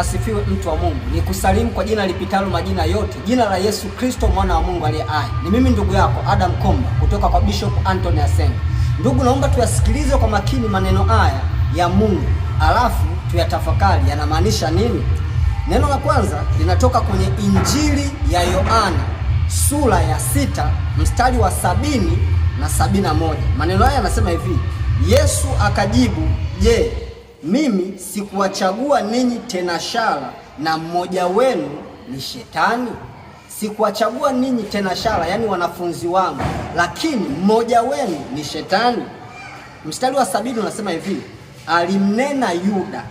asifiwe mtu wa Mungu. Ni kusalimu kwa jina lipitalo majina yote, jina la Yesu Kristo mwana wa Mungu aliye hai. Ni mimi ndugu yako Adam Komba kutoka kwa Bishop Anthony Asenga. Ndugu, naomba tuyasikilize kwa makini maneno haya ya Mungu, alafu tuyatafakari yanamaanisha nini. Neno la kwanza linatoka kwenye Injili ya Yohana sura ya sita mstari wa sabini na sabini na moja. Maneno haya yanasema hivi: Yesu akajibu, je, mimi sikuwachagua ninyi tena shara na mmoja wenu ni shetani? Sikuwachagua ninyi tenashara, yani wanafunzi wangu, lakini mmoja wenu ni shetani. Mstari wa sabini unasema hivi, alimnena Yuda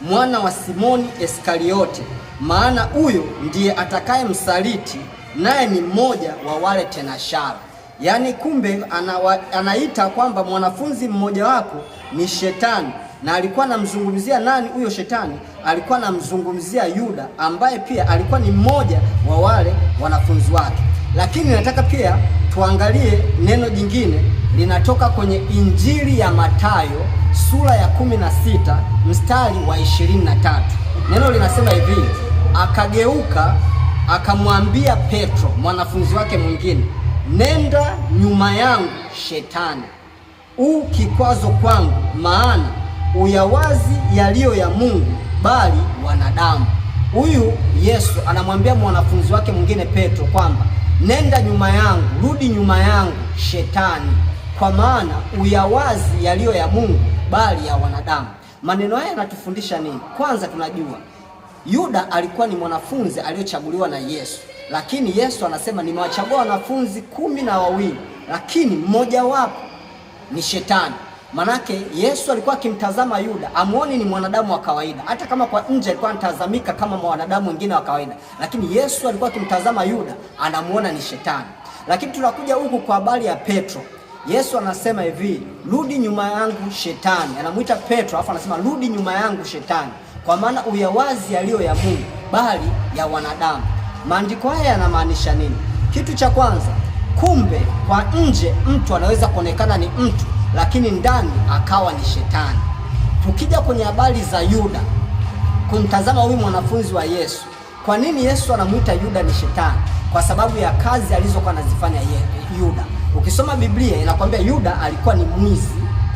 mwana wa Simoni Iskariote, maana huyo ndiye atakaye msaliti, naye ni mmoja wa wale tenashara. Yaani kumbe anawa, anaita kwamba mwanafunzi mmoja wako ni shetani na alikuwa anamzungumzia nani? Huyo shetani alikuwa anamzungumzia Yuda, ambaye pia alikuwa ni mmoja wa wale wanafunzi wake. Lakini nataka pia tuangalie neno jingine linatoka kwenye Injili ya Mathayo sura ya kumi na sita mstari wa tatu. Neno linasema hivi, akageuka akamwambia Petro mwanafunzi wake mwingine, nenda nyuma yangu Shetani, u kikwazo kwangu, maana uyawazi yaliyo ya Mungu bali wanadamu. Huyu Yesu anamwambia mwanafunzi wake mwingine Petro kwamba nenda nyuma yangu, rudi nyuma yangu Shetani, kwa maana uyawazi yaliyo ya Mungu bali ya wanadamu. Maneno haya yanatufundisha nini? Kwanza tunajua Yuda alikuwa ni mwanafunzi aliyochaguliwa na Yesu, lakini Yesu anasema nimewachagua wanafunzi kumi na wawili, lakini mmojawapo ni Shetani. Manake Yesu alikuwa akimtazama Yuda, amuone ni mwanadamu wa kawaida. Hata kama kwa nje alikuwa anatazamika kama mwanadamu mwingine wa kawaida, lakini Yesu alikuwa akimtazama Yuda, anamuona ni shetani. Lakini tunakuja huku kwa habari ya Petro. Yesu anasema hivi, rudi nyuma yangu shetani. Anamuita Petro afu anasema rudi nyuma yangu shetani, kwa maana uyawazi yaliyo ya Mungu bali ya wanadamu. Maandiko haya yanamaanisha nini? Kitu cha kwanza, kumbe kwa nje mtu anaweza kuonekana ni mtu lakini ndani akawa ni shetani. Tukija kwenye habari za Yuda, kumtazama huyu mwanafunzi wa Yesu, kwa nini Yesu anamwita Yuda ni shetani? Kwa sababu ya kazi alizokuwa anazifanya Yuda. Ukisoma Biblia inakwambia Yuda alikuwa ni mwizi,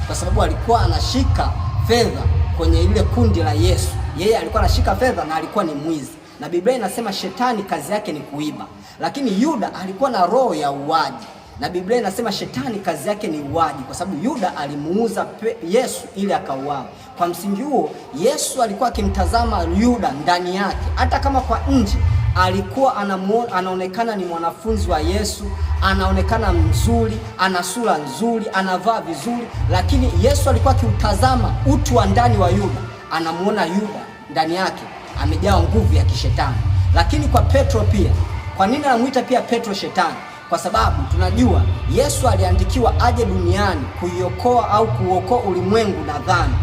kwa sababu alikuwa anashika fedha kwenye ile kundi la Yesu. Yeye alikuwa anashika fedha na alikuwa ni mwizi, na Biblia inasema shetani kazi yake ni kuiba, lakini Yuda alikuwa na roho ya uwaji na Biblia inasema shetani kazi yake ni uaji, kwa sababu Yuda alimuuza Yesu ili akauawe. Kwa msingi huo, Yesu alikuwa akimtazama Yuda ndani yake, hata kama kwa nje alikuwa anamuona, anaonekana ni mwanafunzi wa Yesu, anaonekana mzuri, ana sura nzuri, anavaa vizuri, lakini Yesu alikuwa akiutazama utu wa ndani wa Yuda, anamuona Yuda ndani yake amejaa nguvu ya kishetani. Lakini kwa Petro pia, kwa nini anamuita pia Petro shetani? kwa sababu tunajua Yesu aliandikiwa aje duniani kuiokoa au kuokoa ulimwengu na dhambi,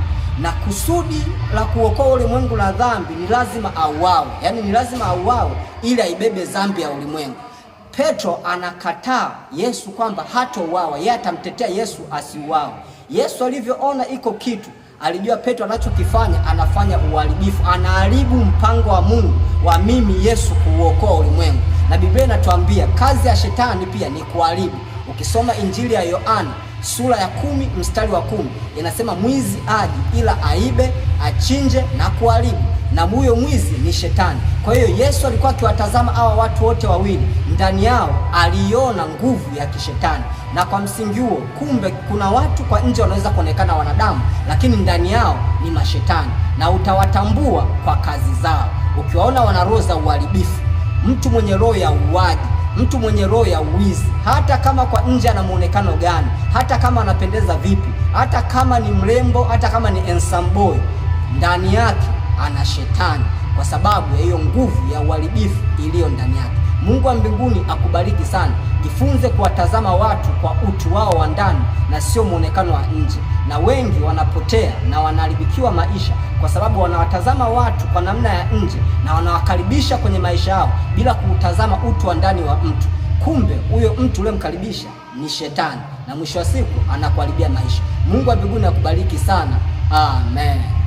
na kusudi la kuokoa ulimwengu na dhambi ni lazima auawe, yaani ni lazima auawe ili aibebe dhambi ya ulimwengu. Petro anakataa Yesu kwamba hatouawa, yeye atamtetea Yesu asiuawe. Yesu alivyoona iko kitu alijua Petro anachokifanya anafanya uharibifu, anaharibu mpango wa Mungu wa mimi Yesu kuuokoa ulimwengu na Biblia inatuambia kazi ya shetani pia ni kuharibu. Ukisoma Injili ya Yohana sura ya kumi mstari wa kumi inasema mwizi aji ila aibe, achinje na kuharibu, na huyo mwizi ni shetani. Kwa hiyo Yesu alikuwa akiwatazama hawa watu wote wawili, ndani yao aliona nguvu ya kishetani, na kwa msingi huo, kumbe kuna watu kwa nje wanaweza kuonekana wanadamu, lakini ndani yao ni mashetani, na utawatambua kwa kazi zao. Ukiwaona wana roho za uharibifu mtu mwenye roho ya uwaji, mtu mwenye roho ya uwizi, hata kama kwa nje ana muonekano gani, hata kama anapendeza vipi, hata kama ni mrembo, hata kama ni handsome boy, ndani yake ana shetani, kwa sababu ya hiyo nguvu ya uharibifu iliyo ndani yake. Mungu wa mbinguni akubariki sana. Jifunze kuwatazama watu kwa utu wao wa ndani na sio mwonekano wa nje, na wengi wanapotea na wanaharibikiwa maisha kwa sababu wanawatazama watu kwa namna ya nje na wanawakaribisha kwenye maisha yao bila kuutazama utu wa ndani wa mtu. Kumbe huyo mtu uliyemkaribisha ni shetani, na mwisho wa siku anakuharibia maisha. Mungu wa mbinguni akubariki sana, amen.